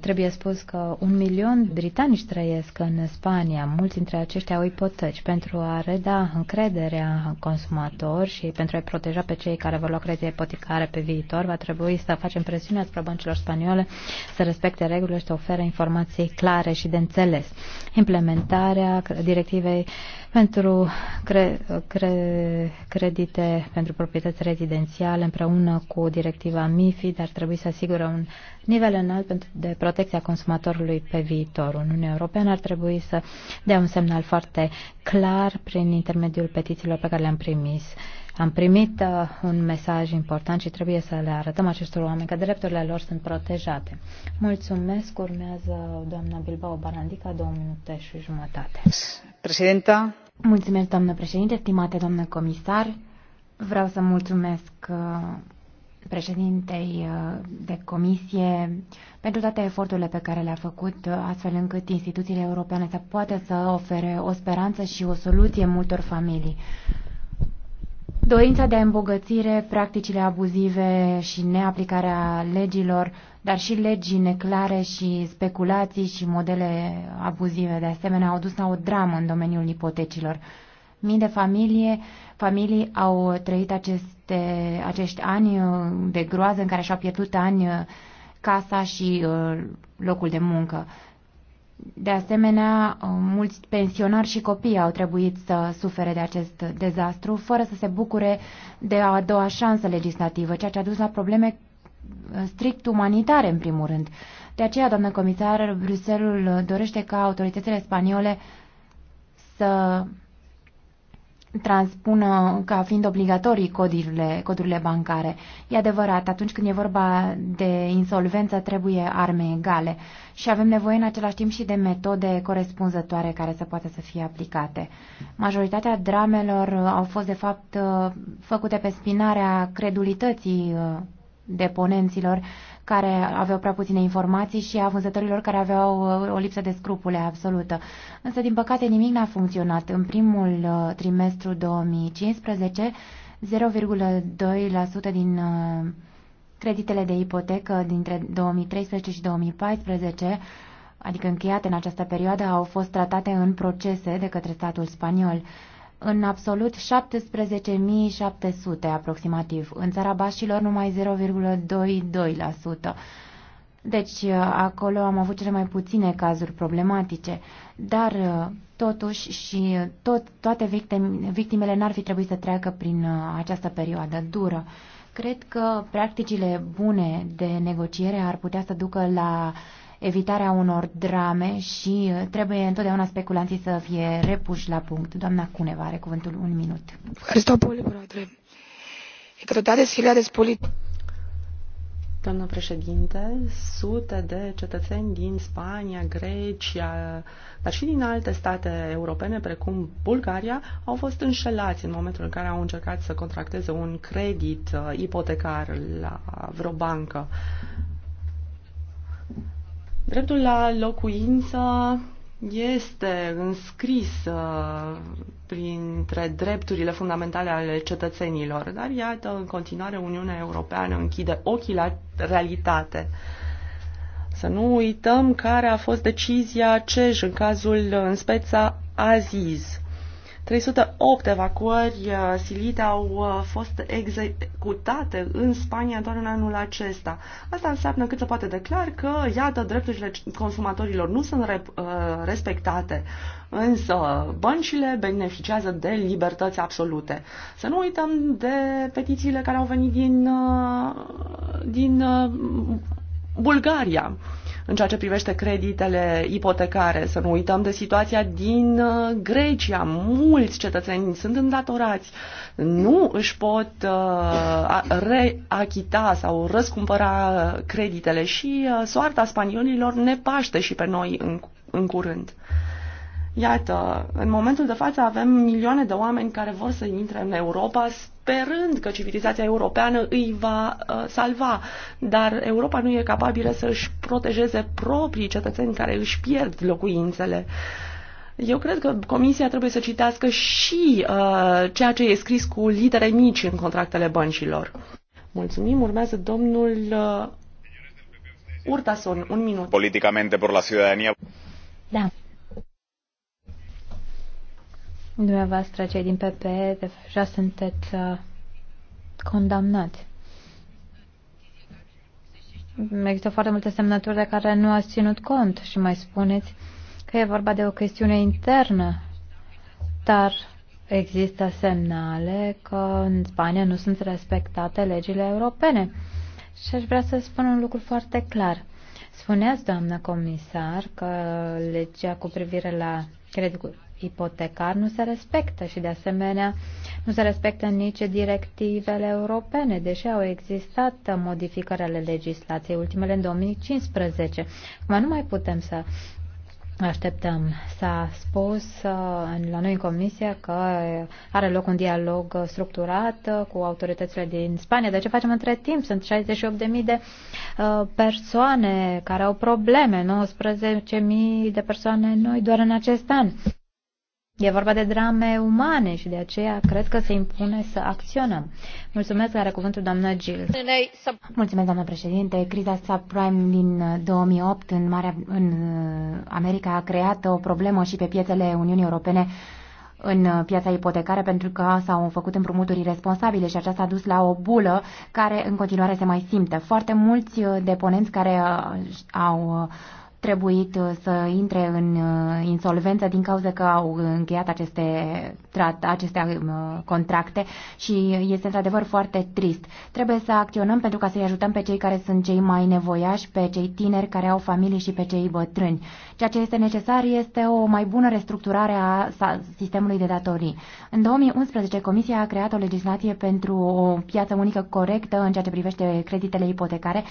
Trebuie spus că un milion britanici trăiesc în Spania. Mulți dintre aceștia au ipotăci Pentru a reda încrederea consumator consumatori și pentru a-i proteja pe cei care vor lua credite ipotecare pe viitor, va trebui să facem presiune asupra băncilor spaniole să respecte regulile și să ofere informații clare și de înțeles. Implementarea directivei uh, pentru cre- cre- credite pentru proprietăți rezidențiale împreună cu directiva MiFi, dar trebuie să asigure un nivel înalt de protecția consumatorului pe viitor. Uniunea Europeană ar trebui să dea un semnal foarte clar prin intermediul petițiilor pe care le-am primit. Am primit uh, un mesaj important și trebuie să le arătăm acestor oameni că drepturile lor sunt protejate. Mulțumesc. Urmează doamna Bilbao Barandica, două minute și jumătate. Președinta, Mulțumesc, doamnă președinte, stimate doamnă comisar. Vreau să mulțumesc uh, președintei uh, de comisie pentru toate eforturile pe care le-a făcut, uh, astfel încât instituțiile europene să poată să ofere o speranță și o soluție multor familii. Dorința de îmbogățire, practicile abuzive și neaplicarea legilor dar și legii neclare și speculații și modele abuzive de asemenea au dus la o dramă în domeniul ipotecilor. Mii de familie, familii au trăit aceste, acești ani uh, de groază în care și-au pierdut ani uh, casa și uh, locul de muncă. De asemenea, mulți pensionari și copii au trebuit să sufere de acest dezastru, fără să se bucure de a doua șansă legislativă, ceea ce a dus la probleme strict umanitare, în primul rând. De aceea, doamnă comisar, Bruselul dorește ca autoritățile spaniole să transpună ca fiind obligatorii codurile, codurile bancare. E adevărat, atunci când e vorba de insolvență trebuie arme egale și avem nevoie în același timp și de metode corespunzătoare care să poată să fie aplicate. Majoritatea dramelor au fost de fapt făcute pe spinarea credulității deponenților care aveau prea puține informații și a vânzătorilor care aveau uh, o lipsă de scrupule absolută. Însă, din păcate, nimic n-a funcționat. În primul uh, trimestru 2015, 0,2% din uh, creditele de ipotecă dintre 2013 și 2014, adică încheiate în această perioadă, au fost tratate în procese de către statul spaniol în absolut 17.700 aproximativ, în țara Bașilor numai 0,22%. Deci acolo am avut cele mai puține cazuri problematice, dar totuși și tot, toate victimele n-ar fi trebuit să treacă prin uh, această perioadă dură. Cred că practicile bune de negociere ar putea să ducă la evitarea unor drame și uh, trebuie întotdeauna speculanții să fie repuși la punct. Doamna Cuneva are cuvântul un minut. Doamnă președinte, sute de cetățeni din Spania, Grecia, dar și din alte state europene, precum Bulgaria, au fost înșelați în momentul în care au încercat să contracteze un credit uh, ipotecar la vreo bancă. Dreptul la locuință este înscris uh, printre drepturile fundamentale ale cetățenilor, dar iată, în continuare, Uniunea Europeană închide ochii la realitate. Să nu uităm care a fost decizia CEJ în cazul în speța Aziz. 308 evacuări uh, silite au uh, fost executate în Spania doar în anul acesta. Asta înseamnă cât se poate declar că, iată, drepturile consumatorilor nu sunt uh, respectate, însă băncile beneficiază de libertăți absolute. Să nu uităm de petițiile care au venit din, din Bulgaria în ceea ce privește creditele ipotecare. Să nu uităm de situația din uh, Grecia. Mulți cetățeni sunt îndatorați, nu își pot uh, reachita sau răscumpăra creditele și uh, soarta spaniolilor ne paște și pe noi în, în curând. Iată, în momentul de față avem milioane de oameni care vor să intre în Europa sperând că civilizația europeană îi va uh, salva, dar Europa nu e capabilă să își protejeze proprii cetățeni care își pierd locuințele. Eu cred că Comisia trebuie să citească și uh, ceea ce e scris cu litere mici în contractele băncilor. Mulțumim. Urmează domnul uh, Urtason. Un minut. Politicamente por la ciudadanía. Da. Dumneavoastră, cei din PP, deja sunteți uh, condamnați. Există foarte multe semnături de care nu ați ținut cont și mai spuneți că e vorba de o chestiune internă, dar există semnale că în Spania nu sunt respectate legile europene. Și aș vrea să spun un lucru foarte clar. Spuneați, doamnă comisar, că legea cu privire la creditul ipotecar nu se respectă și de asemenea nu se respectă nici directivele europene, deși au existat modificări ale legislației, ultimele în 2015. Acum nu mai putem să Așteptăm. S-a spus uh, la noi în comisie că are loc un dialog structurat uh, cu autoritățile din Spania. Dar ce facem între timp? Sunt 68.000 de uh, persoane care au probleme, 19.000 de persoane noi doar în acest an. E vorba de drame umane și de aceea cred că se impune să acționăm. Mulțumesc, are cuvântul doamna Gil. Mulțumesc, doamna președinte. Criza subprime din 2008 uh, în, Marea, în uh, America a creat o problemă și pe piețele Uniunii Europene în uh, piața ipotecară pentru că s-au făcut împrumuturi responsabile și aceasta a dus la o bulă care în continuare se mai simte. Foarte mulți deponenți care au trebuit uh, să intre în uh, insolvență din cauza că au încheiat aceste, aceste uh, contracte și este într-adevăr foarte trist. Trebuie să acționăm pentru ca să-i ajutăm pe cei care sunt cei mai nevoiași, pe cei tineri care au familii și pe cei bătrâni. Ceea ce este necesar este o mai bună restructurare a sistemului de datorii. În 2011, Comisia a creat o legislație pentru o piață unică corectă în ceea ce privește creditele ipotecare,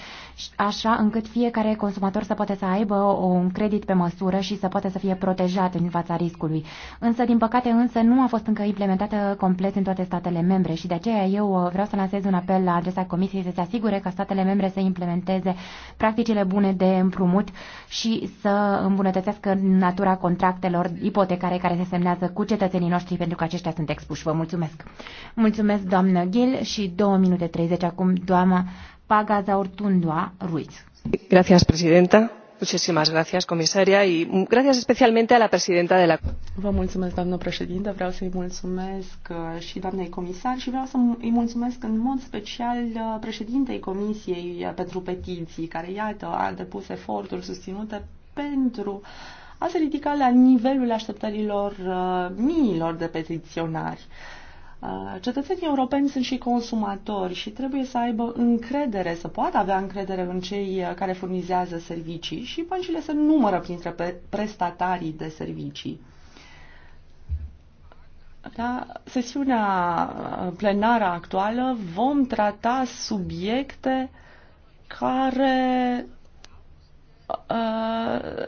așa încât fiecare consumator să poate să aibă un credit pe măsură și să poată să fie protejat în fața riscului. Însă, din păcate, însă nu a fost încă implementată complet în toate statele membre și de aceea eu uh, vreau să lansez un apel la adresa Comisiei să se asigure că statele membre să implementeze practicile bune de împrumut și să îmbunătățească natura contractelor ipotecare care se semnează cu cetățenii noștri pentru că aceștia sunt expuși. Vă mulțumesc! Mulțumesc, doamnă Gil, și 2 minute 30 acum, doamna Pagazaurtundua Ruiz. Gracias, presidenta. Muchísimas gracias, comisaria, y gracias especialmente a la presidenta de la Vă mulțumesc, doamnă președintă. Vreau să-i mulțumesc uh, și doamnei comisar și vreau să-i mulțumesc în mod special uh, președintei Comisiei uh, pentru Petiții, care, iată, a depus eforturi susținute pentru a se ridica la nivelul așteptărilor miilor de petiționari. Uh, Uh, cetățenii europeni sunt și consumatori și trebuie să aibă încredere, să poată avea încredere în cei uh, care furnizează servicii și băncile se numără printre prestatarii de servicii. La sesiunea uh, plenară actuală vom trata subiecte care uh,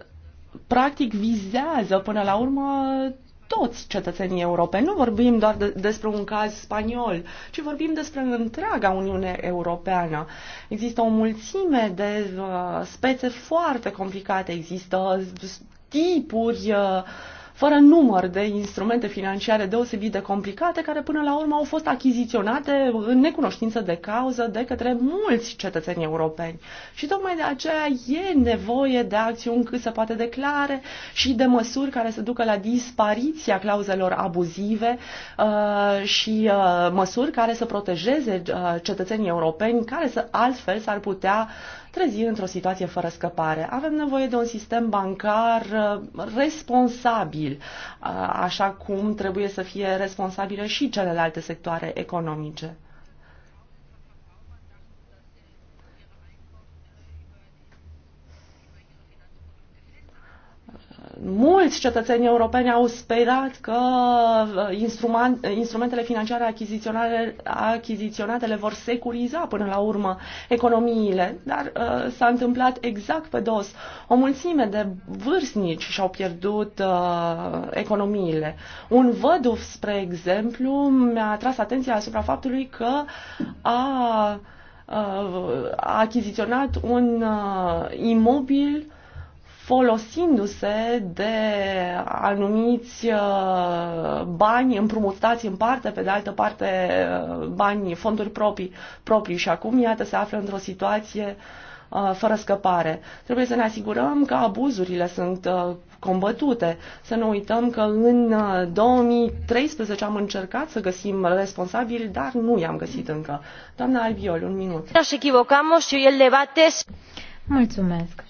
practic vizează până la urmă toți cetățenii europeni. Nu vorbim doar de, despre un caz spaniol, ci vorbim despre întreaga Uniune Europeană. Există o mulțime de uh, spețe foarte complicate, există tipuri uh, fără număr de instrumente financiare deosebit de complicate, care până la urmă au fost achiziționate în necunoștință de cauză de către mulți cetățeni europeni. Și tocmai de aceea e nevoie de acțiuni cât se poate de clare și de măsuri care să ducă la dispariția clauzelor abuzive uh, și uh, măsuri care să protejeze uh, cetățenii europeni care să altfel s-ar putea trezi într-o situație fără scăpare. Avem nevoie de un sistem bancar uh, responsabil, uh, așa cum trebuie să fie responsabile și celelalte sectoare economice. mulți cetățeni europeni au sperat că uh, instrument, instrumentele financiare le vor securiza până la urmă economiile, dar uh, s-a întâmplat exact pe dos. O mulțime de vârstnici și-au pierdut uh, economiile. Un văduv, spre exemplu, mi-a atras atenția asupra faptului că a, uh, a achiziționat un uh, imobil folosindu-se de anumiți uh, bani împrumutați în parte, pe de altă parte uh, bani, fonduri proprii, proprii și acum, iată, se află într-o situație uh, fără scăpare. Trebuie să ne asigurăm că abuzurile sunt combătute. Să nu uităm că în 2013 am încercat să găsim responsabili, dar nu i-am găsit încă. Doamna Albiol, un minut. el Mulțumesc.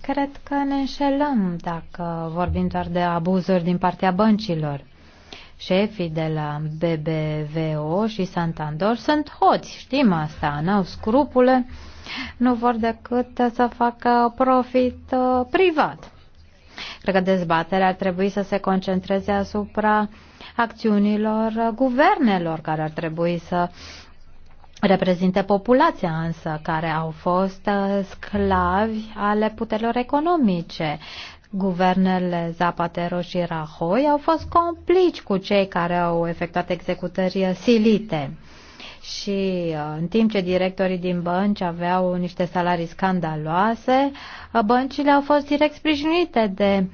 Cred că ne înșelăm dacă vorbim doar de abuzuri din partea băncilor. Șefii de la BBVO și Santander sunt hoți, știm asta, n-au scrupule, nu vor decât să facă profit uh, privat. Cred că dezbaterea ar trebui să se concentreze asupra acțiunilor guvernelor care ar trebui să uh, reprezintă populația însă care au fost uh, sclavi ale puterilor economice. Guvernele Zapatero și Rajoy au fost complici cu cei care au efectuat executări silite. Și uh, în timp ce directorii din bănci aveau niște salarii scandaloase, uh, băncile au fost direct sprijinite de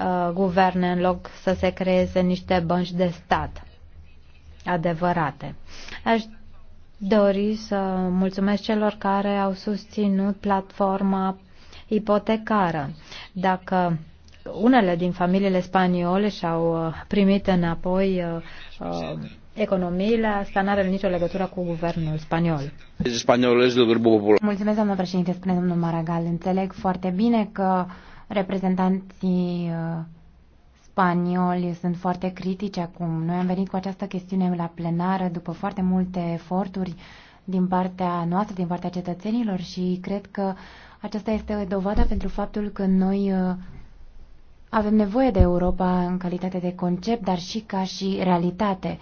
uh, guverne în loc să se creeze niște bănci de stat adevărate. Aș dori să mulțumesc celor care au susținut platforma ipotecară. Dacă unele din familiile spaniole și-au uh, primit înapoi uh, uh economiile, asta nu are nicio legătură cu guvernul spaniol. Mulțumesc, doamnă președinte, spune domnul Maragal. Înțeleg foarte bine că reprezentanții uh, spanioli sunt foarte critici acum. Noi am venit cu această chestiune la plenară după foarte multe eforturi din partea noastră, din partea cetățenilor și cred că aceasta este dovada pentru faptul că noi uh, avem nevoie de Europa în calitate de concept, dar și ca și realitate.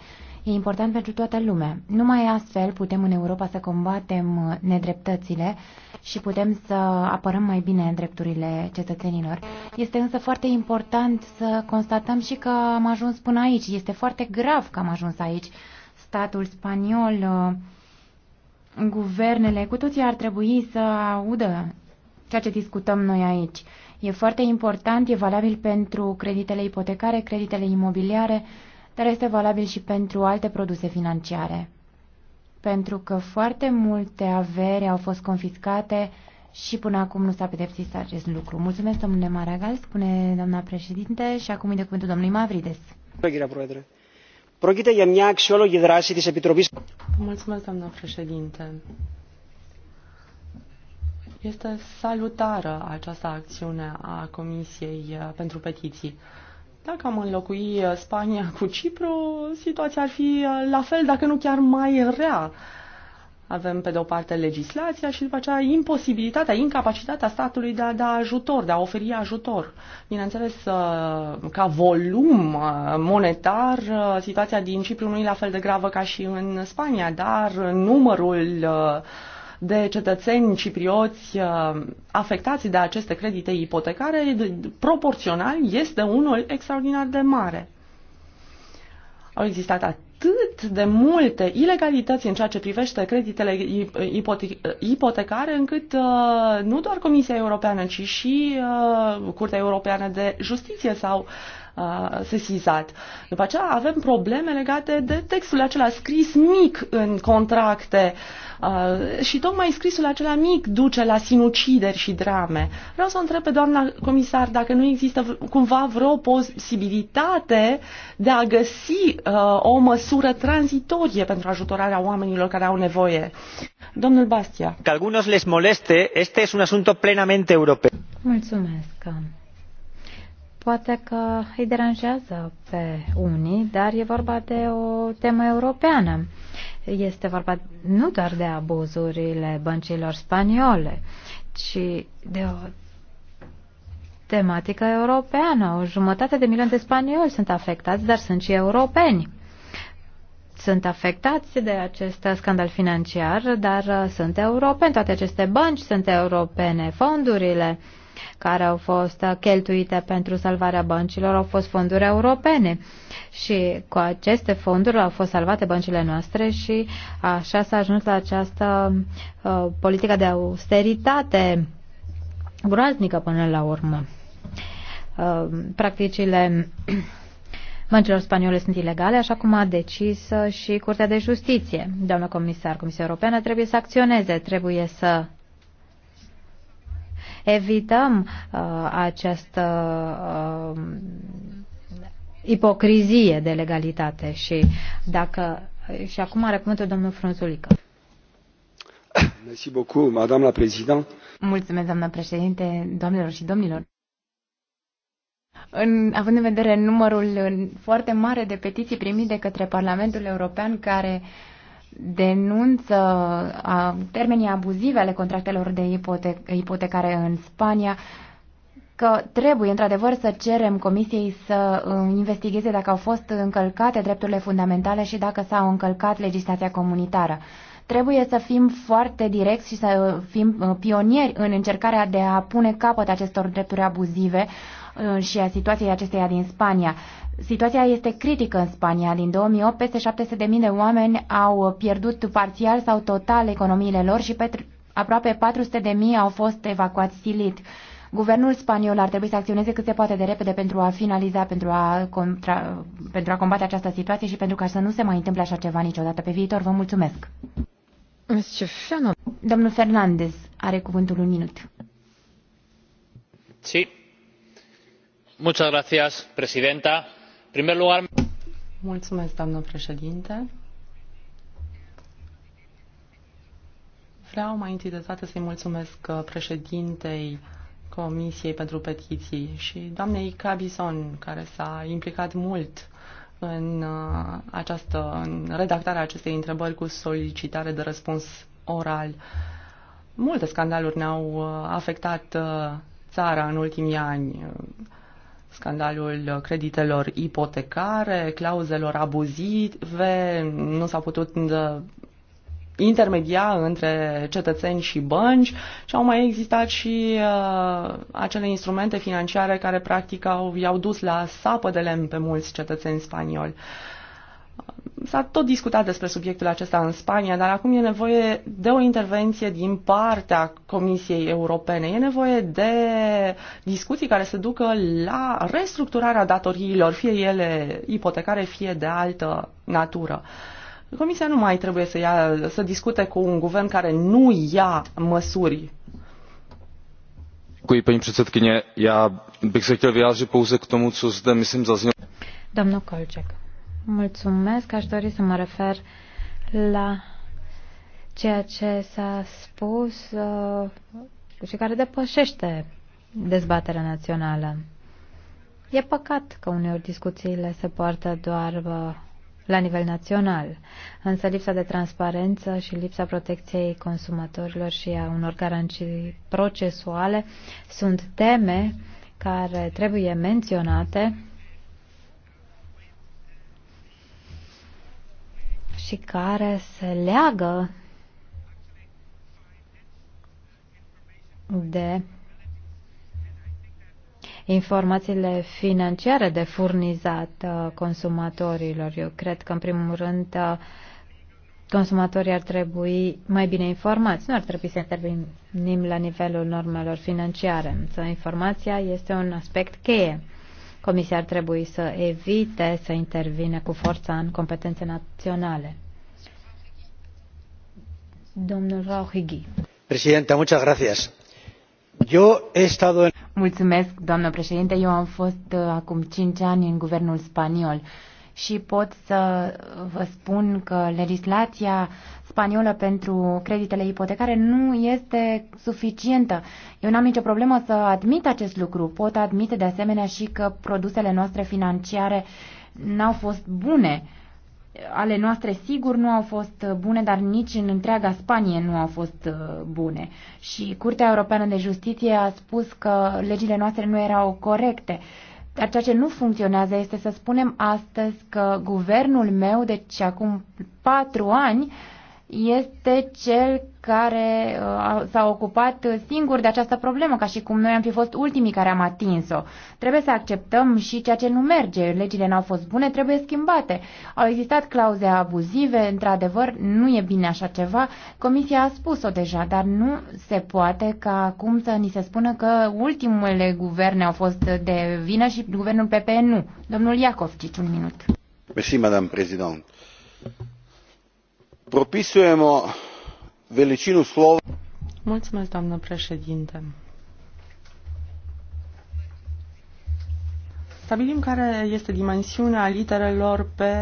E important pentru toată lumea. Numai astfel putem în Europa să combatem uh, nedreptățile și putem să apărăm mai bine drepturile cetățenilor. Este însă foarte important să constatăm și că am ajuns până aici. Este foarte grav că am ajuns aici. Statul spaniol, uh, guvernele, cu toții ar trebui să audă ceea ce discutăm noi aici. E foarte important, e valabil pentru creditele ipotecare, creditele imobiliare, dar este valabil și pentru alte produse financiare. Pentru că foarte multe avere au fost confiscate și până acum nu s-a pedepsit acest lucru. Mulțumesc, domnule Maragal, spune doamna președinte și acum îi de cuvântul domnului Mavrides. Mulțumesc, doamna președinte. Este salutară această acțiune a Comisiei pentru Petiții. Dacă am înlocui uh, Spania cu Cipru, situația ar fi uh, la fel, dacă nu chiar mai rea. Avem, pe de o parte, legislația și după aceea imposibilitatea, incapacitatea statului de a da ajutor, de a oferi ajutor. Bineînțeles, uh, ca volum monetar, situația din Cipru nu e la fel de gravă ca și în Spania, dar numărul uh, de cetățeni ciprioți uh, afectați de aceste credite ipotecare, proporțional, este unul extraordinar de mare. Au existat atât de multe ilegalități în ceea ce privește creditele ipotecare, încât uh, nu doar Comisia Europeană, ci și uh, Curtea Europeană de Justiție s-au uh, sesizat. După aceea avem probleme legate de textul acela scris mic în contracte și tocmai scrisul acela mic duce la sinucideri și drame. Vreau să întreb pe doamna comisar dacă nu există cumva vreo posibilitate de a găsi o măsură tranzitorie pentru ajutorarea oamenilor care au nevoie. Domnul Bastia. Că algunos les moleste, este es un asunto plenamente european. Mulțumesc. Poate că îi deranjează pe unii, dar e vorba de o temă europeană. Este vorba nu doar de abuzurile băncilor spaniole, ci de o tematică europeană. O jumătate de milion de spanioli sunt afectați, dar sunt și europeni. Sunt afectați de acest scandal financiar, dar sunt europeni. Toate aceste bănci sunt europene, fondurile care au fost cheltuite pentru salvarea băncilor au fost fonduri europene și cu aceste fonduri au fost salvate băncile noastre și așa s-a ajuns la această uh, politică de austeritate groaznică până la urmă. Uh, practicile (clears throat) băncilor spaniole sunt ilegale, așa cum a decis uh, și Curtea de Justiție. Doamna comisar, Comisia Europeană trebuie să acționeze, trebuie să evităm uh, această uh, ipocrizie de legalitate și dacă și acum are cuvântul domnul Frunzulică. (coughs) Merci beaucoup, madame la président. Mulțumesc, doamnă președinte, doamnelor și domnilor. În, având în vedere numărul foarte mare de petiții primite de către Parlamentul European care uh, denunță a, termenii abuzive ale contractelor de ipote- ipotecare în Spania, că trebuie într-adevăr să cerem Comisiei să uh, investigheze dacă au fost încălcate drepturile fundamentale și dacă s-au încălcat legislația comunitară. Trebuie să fim foarte direcți și să fim uh, pionieri în încercarea de a pune capăt acestor drepturi abuzive, Uh, și a situației acesteia din Spania. Situația este critică în Spania. Din 2008, peste 700.000 de oameni au pierdut parțial sau total economiile lor și pe aproape 400.000 au fost evacuați silit. Guvernul spaniol ar trebui să acționeze cât se poate de repede pentru a finaliza, pentru a, contra, pentru a combate această situație și pentru ca să nu se mai întâmple așa ceva niciodată pe viitor. Vă mulțumesc! Domnul Fernandez are cuvântul un minut. Sí. Mulțumesc, doamnă președinte. Vreau mai întâi de toate să-i mulțumesc uh, președintei Comisiei pentru Petiții și doamnei Cabison, care s-a implicat mult în, uh, această, în redactarea acestei întrebări cu solicitare de răspuns oral. Multe scandaluri ne-au uh, afectat țara în ultimii ani scandalul creditelor ipotecare, clauzelor abuzive, nu s-a putut uh, intermedia între cetățeni și bănci și au mai existat și uh, acele instrumente financiare care practic au, i-au dus la sapă de lemn pe mulți cetățeni spanioli. Uh, S-a tot discutat despre subiectul acesta în Spania, dar acum e nevoie de o intervenție din partea Comisiei Europene. E nevoie de discuții care se ducă la restructurarea datoriilor, fie ele ipotecare, fie de altă natură. Comisia nu mai trebuie să, ia, să discute cu un guvern care nu ia măsuri. Děkuji, paní předsedkyně. Já bych se chtěl vyjádřit pouze k tomu, co zde, myslím, zaznělo. Domnul Kolček. Mulțumesc. Aș dori să mă refer la ceea ce s-a spus uh, și care depășește dezbaterea națională. E păcat că uneori discuțiile se poartă doar uh, la nivel național, însă lipsa de transparență și lipsa protecției consumatorilor și a unor garanții procesuale sunt teme care trebuie menționate și care se leagă de informațiile financiare de furnizat uh, consumatorilor. Eu cred că, în primul rând, uh, consumatorii ar trebui mai bine informați. Nu ar trebui să intervenim la nivelul normelor financiare, însă informația este un aspect cheie. Comisia ar trebui să evite să intervine cu forța în competențe naționale. Domnul Rauhighi. Președinte, muchas gracias. Eu he estado en... Mulțumesc, doamnă președinte. Eu am fost uh, acum 5 ani în guvernul spaniol și pot să vă spun că legislația spaniolă pentru creditele ipotecare nu este suficientă. Eu n-am nicio problemă să admit acest lucru. Pot admite de asemenea și că produsele noastre financiare n-au fost bune. Ale noastre sigur nu au fost bune, dar nici în întreaga Spanie nu au fost uh, bune. Și Curtea Europeană de Justiție a spus că legile noastre nu erau corecte. Dar ceea ce nu funcționează este să spunem astăzi că guvernul meu, deci acum patru ani, uh, este cel care uh, s-a ocupat singur de această problemă, ca și cum noi am fi fost ultimii care am atins-o. Trebuie să acceptăm și ceea ce nu merge. Legile n-au fost bune, trebuie schimbate. Au existat clauze abuzive, într-adevăr, nu e bine așa ceva. Comisia a spus-o deja, dar nu se poate ca acum să ni se spună că ultimele guverne au fost de vină și guvernul PPE nu. Domnul Iacovcici, un minut. Mersi, madame președinte propisujemo veličinu slova. doamnă președinte. Stabilim care este dimensiunea literelor pe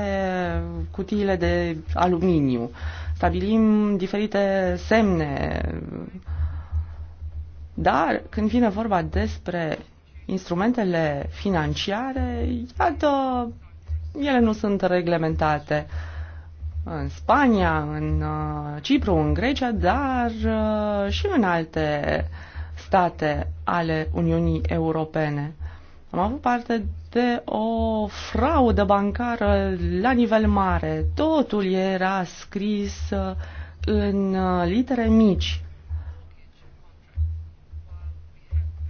cutiile de aluminiu. Stabilim diferite semne. Dar când vine vorba despre instrumentele financiare, iată, ele nu sunt reglementate. Uh, în Spania, în uh, Cipru, în Grecia, dar uh, și în alte state ale Uniunii Europene. Am avut parte de o fraudă bancară la nivel mare. Totul era scris uh, în litere mici.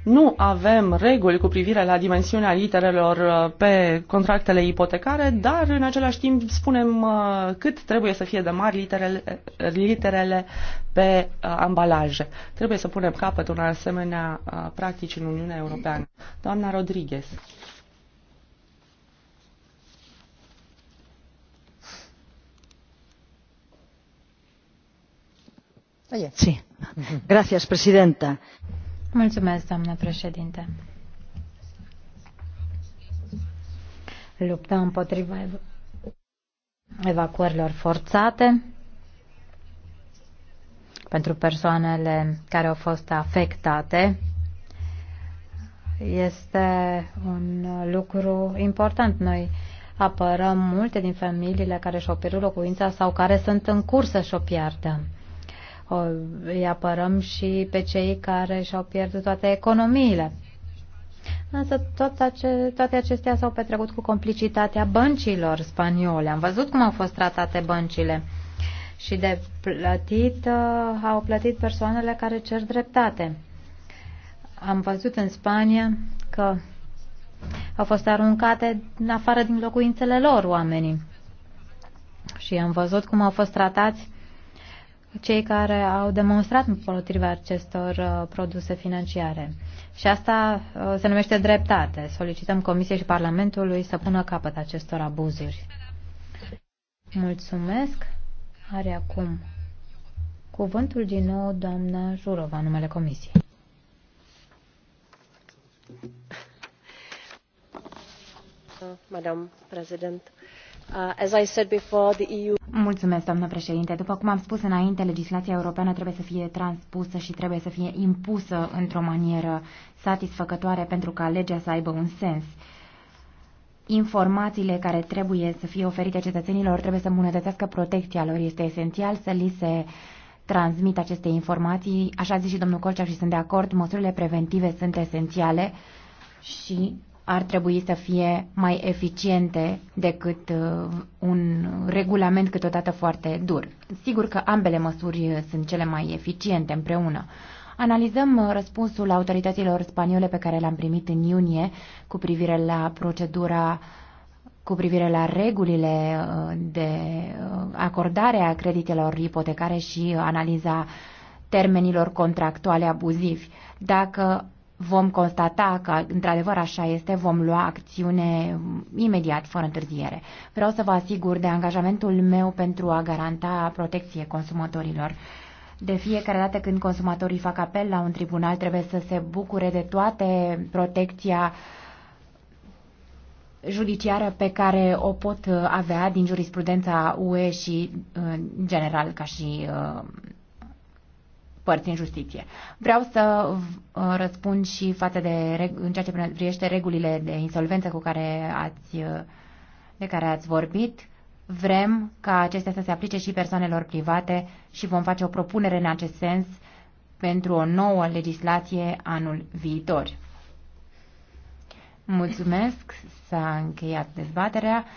nu avem reguli cu privire la dimensiunea literelor uh, pe contractele ipotecare, dar în același timp spunem uh, cât trebuie să fie de mari literele, literele pe uh, ambalaje. Trebuie să punem capăt unor asemenea practici în Uniunea Europeană. Doamna Rodriguez. Sí. Gracias, presidenta. Mulțumesc, doamnă președinte. Lupta împotriva evacuărilor forțate pentru persoanele care au fost afectate este un lucru important. Noi apărăm multe din familiile care și-au pierdut locuința sau care sunt în curs să-și o piardă îi apărăm și pe cei care și-au pierdut toate economiile. Însă tot ace- toate acestea s-au petrecut cu complicitatea băncilor spaniole. Am văzut cum au fost tratate băncile și de plătit uh, au plătit persoanele care cer dreptate. Am văzut în Spania că au fost aruncate în afară din locuințele lor oamenii. Și am văzut cum au fost tratați cei care au demonstrat împotriva acestor uh, produse financiare. Și asta uh, se numește dreptate. Solicităm Comisiei și Parlamentului să pună capăt acestor abuzuri. Mulțumesc. Are acum cuvântul din nou doamna Jurova, numele Comisiei. Uh, Madam President, uh, as I said before, the EU Mulțumesc, doamnă președinte. După cum am spus înainte, legislația europeană trebuie să fie transpusă și trebuie să fie impusă într-o manieră satisfăcătoare pentru ca legea să aibă un sens. Informațiile care trebuie să fie oferite cetățenilor trebuie să îmbunătățească protecția lor. Este esențial să li se transmit aceste informații. Așa zice și domnul Colcea și sunt de acord, măsurile preventive sunt esențiale și ar trebui să fie mai eficiente decât uh, un regulament câteodată foarte dur. Sigur că ambele măsuri uh, sunt cele mai eficiente împreună. Analizăm uh, răspunsul autorităților spaniole pe care l-am primit în iunie cu privire la procedura cu privire la regulile de acordare a creditelor ipotecare și analiza termenilor contractuale abuzivi. Dacă vom constata că într-adevăr așa este, vom lua acțiune imediat, fără întârziere. Vreau să vă asigur de angajamentul meu pentru a garanta protecție consumatorilor. De fiecare dată când consumatorii fac apel la un tribunal, trebuie să se bucure de toate protecția judiciară pe care o pot avea din jurisprudența UE și în general ca și uh, părți în justiție. Vreau să uh, răspund și față de, în ceea ce privește regulile de insolvență cu care ați, uh, de care ați vorbit. Vrem ca acestea să se aplice și persoanelor private și vom face o propunere în acest sens pentru o nouă legislație anul viitor. Mulțumesc, s-a încheiat dezbaterea.